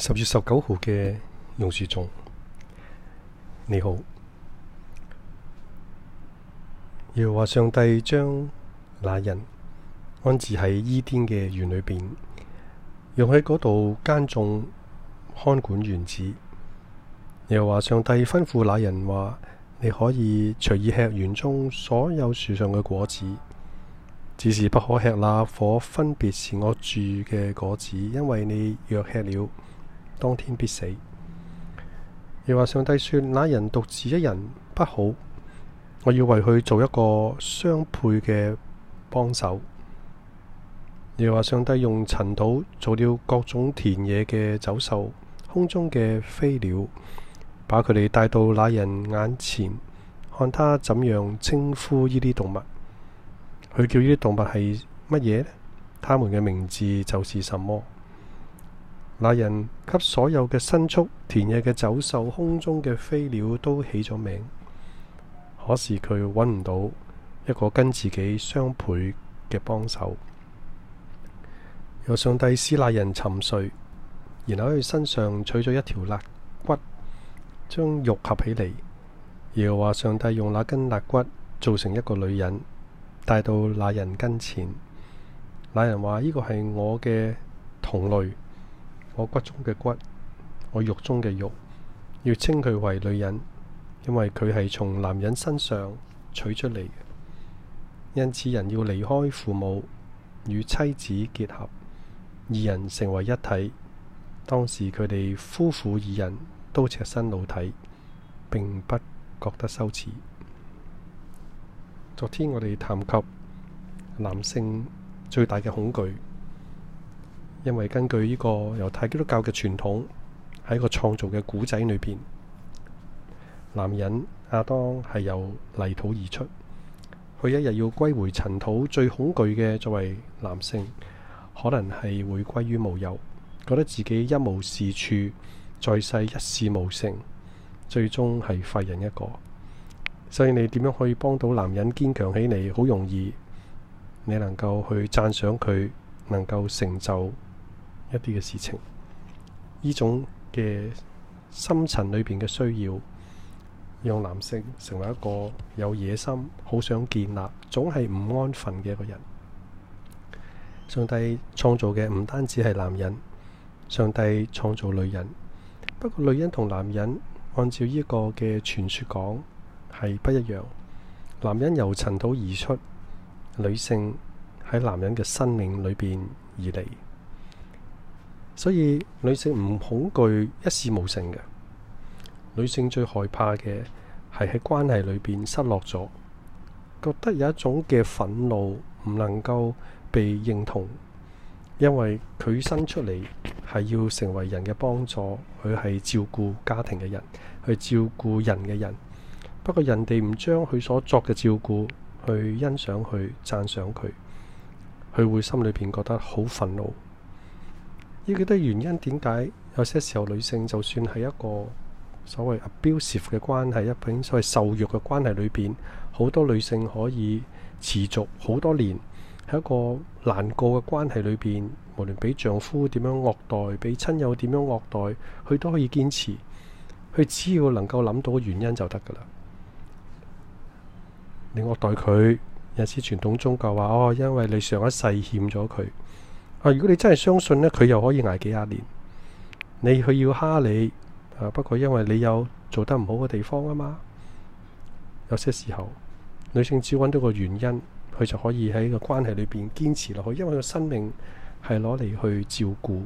十月十九號嘅榕樹種，你好。又話上帝將那人安置喺伊甸嘅園裏邊，用喺嗰度耕種看管園子。又話上帝吩咐那人話：你可以隨意吃園中所有樹上嘅果子，只是不可吃那火分別是我住嘅果子，因為你若吃了。當天必死。又話上帝說：那人獨自一人不好，我要為佢做一個相配嘅幫手。又話上帝用塵土做了各種田野嘅走獸、空中嘅飛鳥，把佢哋帶到那人眼前，看他怎樣稱呼呢啲動物。佢叫呢啲動物係乜嘢呢？他們嘅名字就是什麼？那人給所有嘅牲畜、田野嘅走獸、空中嘅飛鳥都起咗名，可是佢揾唔到一個跟自己相配嘅幫手。有上帝使那人沉睡，然後喺佢身上取咗一條肋骨，將肉合起嚟。又話上帝用那根肋骨做成一個女人，帶到那人跟前。那人話：呢個係我嘅同類。我骨中嘅骨，我肉中嘅肉，要稱佢為女人，因為佢係從男人身上取出嚟嘅。因此，人要離開父母，與妻子結合，二人成為一體。當時佢哋夫婦二人都赤身露體，並不覺得羞恥。昨天我哋談及男性最大嘅恐懼。因為根據呢個猶太基督教嘅傳統，喺個創造嘅古仔裏邊，男人阿當係由泥土而出，佢一日要歸回塵土，最恐懼嘅作為男性，可能係會歸於無有，覺得自己一無是處，在世一事無成，最終係廢人一個。所以你點樣可以幫到男人堅強起嚟？好容易，你能夠去讚賞佢，能夠成就。一啲嘅事情，呢種嘅深層裏邊嘅需要，讓男性成為一個有野心、好想建立、總係唔安分嘅一個人。上帝創造嘅唔單止係男人，上帝創造女人。不過女人同男人按照呢個嘅傳說講係不一樣。男人由塵土而出，女性喺男人嘅生命裏邊而嚟。所以女性唔恐懼一事無成嘅，女性最害怕嘅係喺關係裏邊失落咗，覺得有一種嘅憤怒唔能夠被認同，因為佢生出嚟係要成為人嘅幫助，佢係照顧家庭嘅人，去照顧人嘅人。不過人哋唔將佢所作嘅照顧去欣賞佢、讚賞佢，佢會心裏邊覺得好憤怒。要記得原因點解有些時候女性就算係一個所謂 abusive 嘅關係，一片所謂受辱嘅關係裏邊，好多女性可以持續好多年，喺一個難過嘅關係裏邊，無論俾丈夫點樣惡待，俾親友點樣惡待，佢都可以堅持。佢只要能夠諗到原因就得㗎啦。你惡待佢，有啲傳統宗教話：，哦，因為你上一世欠咗佢。啊！如果你真係相信呢佢又可以捱幾廿年。你佢要蝦你，啊！不過因為你有做得唔好嘅地方啊嘛。有些時候，女性只要揾到個原因，佢就可以喺個關係裏邊堅持落去。因為佢個生命係攞嚟去照顧，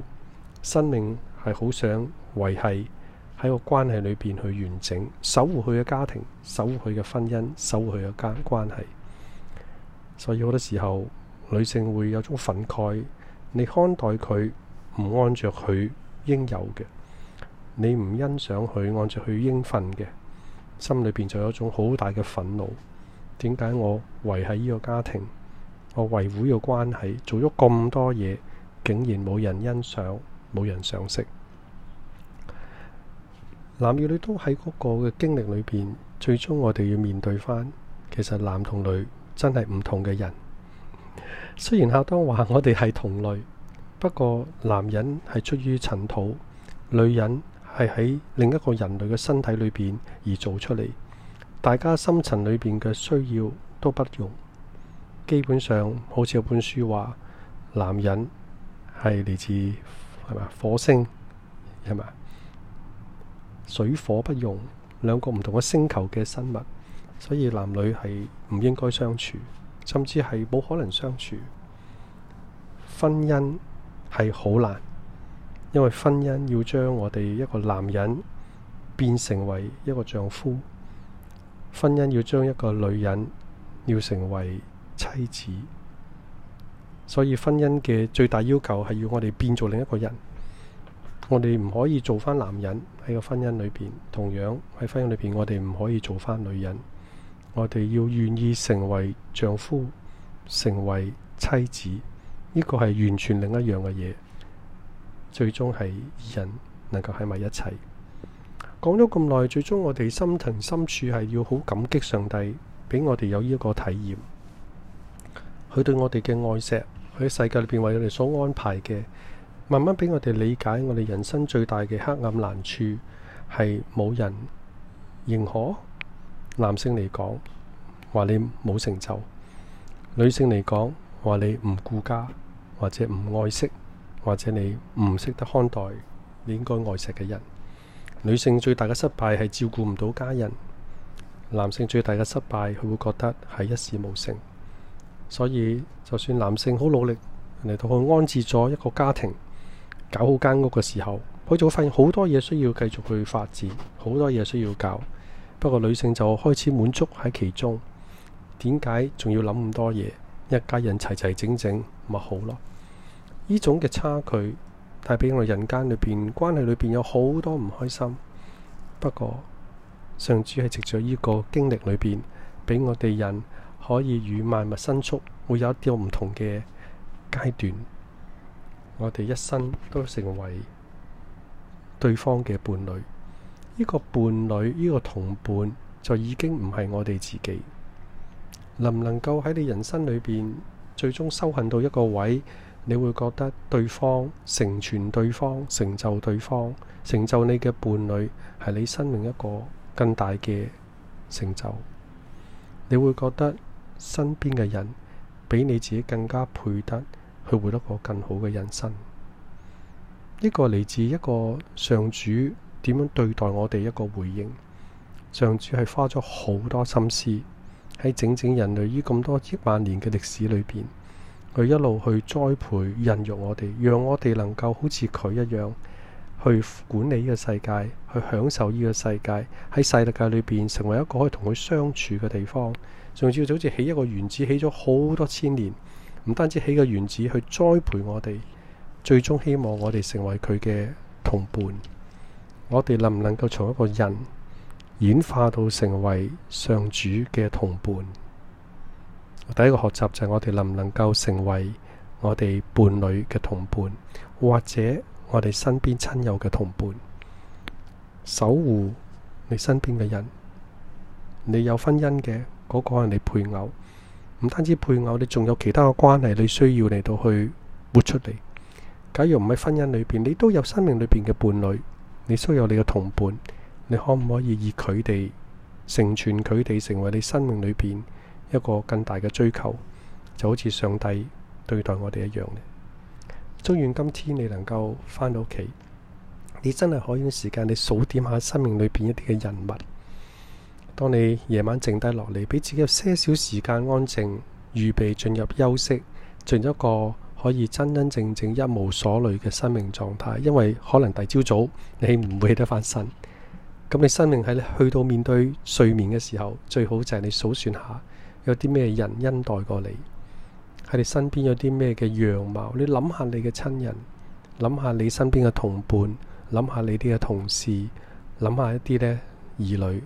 生命係好想維繫喺個關係裏邊去完整，守護佢嘅家庭，守護佢嘅婚姻，守護佢嘅關關係。所以好多時候，女性會有種憤慨。你看待佢唔按着佢應有嘅，你唔欣賞佢按着佢應份嘅，心裏邊就有一種好大嘅憤怒。點解我維繫呢個家庭，我維護呢個關係做咗咁多嘢，竟然冇人欣賞，冇人賞識，男與女都喺嗰個嘅經歷裏邊，最終我哋要面對翻，其實男同女真係唔同嘅人。雖然客當話我哋係同類，不過男人係出於塵土，女人係喺另一個人類嘅身體裏邊而做出嚟，大家深層裏邊嘅需要都不用，基本上好似有本書話，男人係嚟自係嘛火星，係嘛水火不容，兩個唔同嘅星球嘅生物，所以男女係唔應該相處。甚至係冇可能相處，婚姻係好難，因為婚姻要將我哋一個男人變成為一個丈夫，婚姻要將一個女人要成為妻子，所以婚姻嘅最大要求係要我哋變做另一個人，我哋唔可以做翻男人喺個婚姻裏邊，同樣喺婚姻裏邊我哋唔可以做翻女人。我哋要願意成為丈夫，成為妻子，呢個係完全另一樣嘅嘢。最終係人能夠喺埋一齊。講咗咁耐，最終我哋心疼深處係要好感激上帝，俾我哋有呢個體驗。佢對我哋嘅愛錫，佢喺世界裏邊為我哋所安排嘅，慢慢俾我哋理解，我哋人生最大嘅黑暗難處係冇人認可。男性嚟講，話你冇成就；女性嚟講，話你唔顧家，或者唔愛惜，或者你唔識得看待你應該愛惜嘅人。女性最大嘅失敗係照顧唔到家人，男性最大嘅失敗佢會覺得係一事無成。所以，就算男性好努力，嚟到去安置咗一個家庭，搞好間屋嘅時候，佢就會發現好多嘢需要繼續去發展，好多嘢需要搞。不過女性就開始滿足喺其中，點解仲要諗咁多嘢？一家人齊齊整整咪好咯。呢種嘅差距帶俾我哋人間裏邊關係裏邊有好多唔開心。不過上主係藉着呢個經歷裏邊，俾我哋人可以與萬物生出，會有一啲唔同嘅階段。我哋一生都成為對方嘅伴侶。呢個伴侶，呢個同伴，就已經唔係我哋自己。能唔能夠喺你人生裏邊最終修行到一個位，你會覺得對方成全對方、成就對方、成就你嘅伴侶，係你生命一個更大嘅成就。你會覺得身邊嘅人比你自己更加配得去活得個更好嘅人生。呢個嚟自一個上主。點樣對待我哋一個回應？上帝係花咗好多心思喺整整人類於咁多億萬年嘅歷史裏邊，佢一路去栽培、孕育我哋，讓我哋能夠好似佢一樣去管理呢個世界，去享受呢個世界，喺世界裏邊成為一個可以同佢相處嘅地方。上帝就好似起一個原子，起咗好多千年，唔單止起個原子，去栽培我哋，最終希望我哋成為佢嘅同伴。我哋能唔能夠從一個人演化到成為上主嘅同伴？我第一個學習就係我哋能唔能夠成為我哋伴侶嘅同伴，或者我哋身邊親友嘅同伴，守護你身邊嘅人。你有婚姻嘅嗰個係你配偶，唔單止配偶，你仲有其他嘅關係，你需要嚟到去活出嚟。假如唔係婚姻裏邊，你都有生命裏邊嘅伴侶。你需有你嘅同伴，你可唔可以以佢哋成全佢哋，成為你生命裏邊一個更大嘅追求？就好似上帝對待我哋一樣呢。祝願今天你能夠翻到屋企，你真係可以時間，你數點下生命裏邊一啲嘅人物。當你夜晚靜低落嚟，俾自己有些少時間安靜，預備進入休息，進入一個。可以真真正正一無所累嘅生命狀態，因為可能第朝早你唔會起得翻身。咁你生命喺你去到面對睡眠嘅時候，最好就係你數算下有啲咩人恩待過你，喺你身邊有啲咩嘅樣貌。你諗下你嘅親人，諗下你身邊嘅同伴，諗下你啲嘅同事，諗下一啲呢兒女。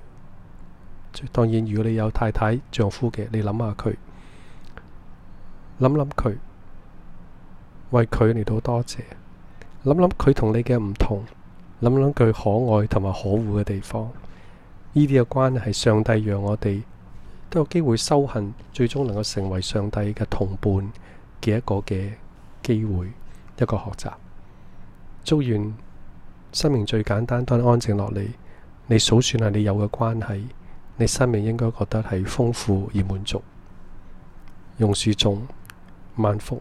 當然，如果你有太太丈夫嘅，你諗下佢，諗諗佢。為佢嚟到多謝，諗諗佢同你嘅唔同，諗諗佢可愛同埋可惡嘅地方，呢啲嘅關係，上帝讓我哋都有機會修行，最終能夠成為上帝嘅同伴嘅一個嘅機會，一個學習。祝願生命最簡單，當你安靜落嚟，你數算下你有嘅關係，你生命應該覺得係豐富而滿足。用樹種萬福。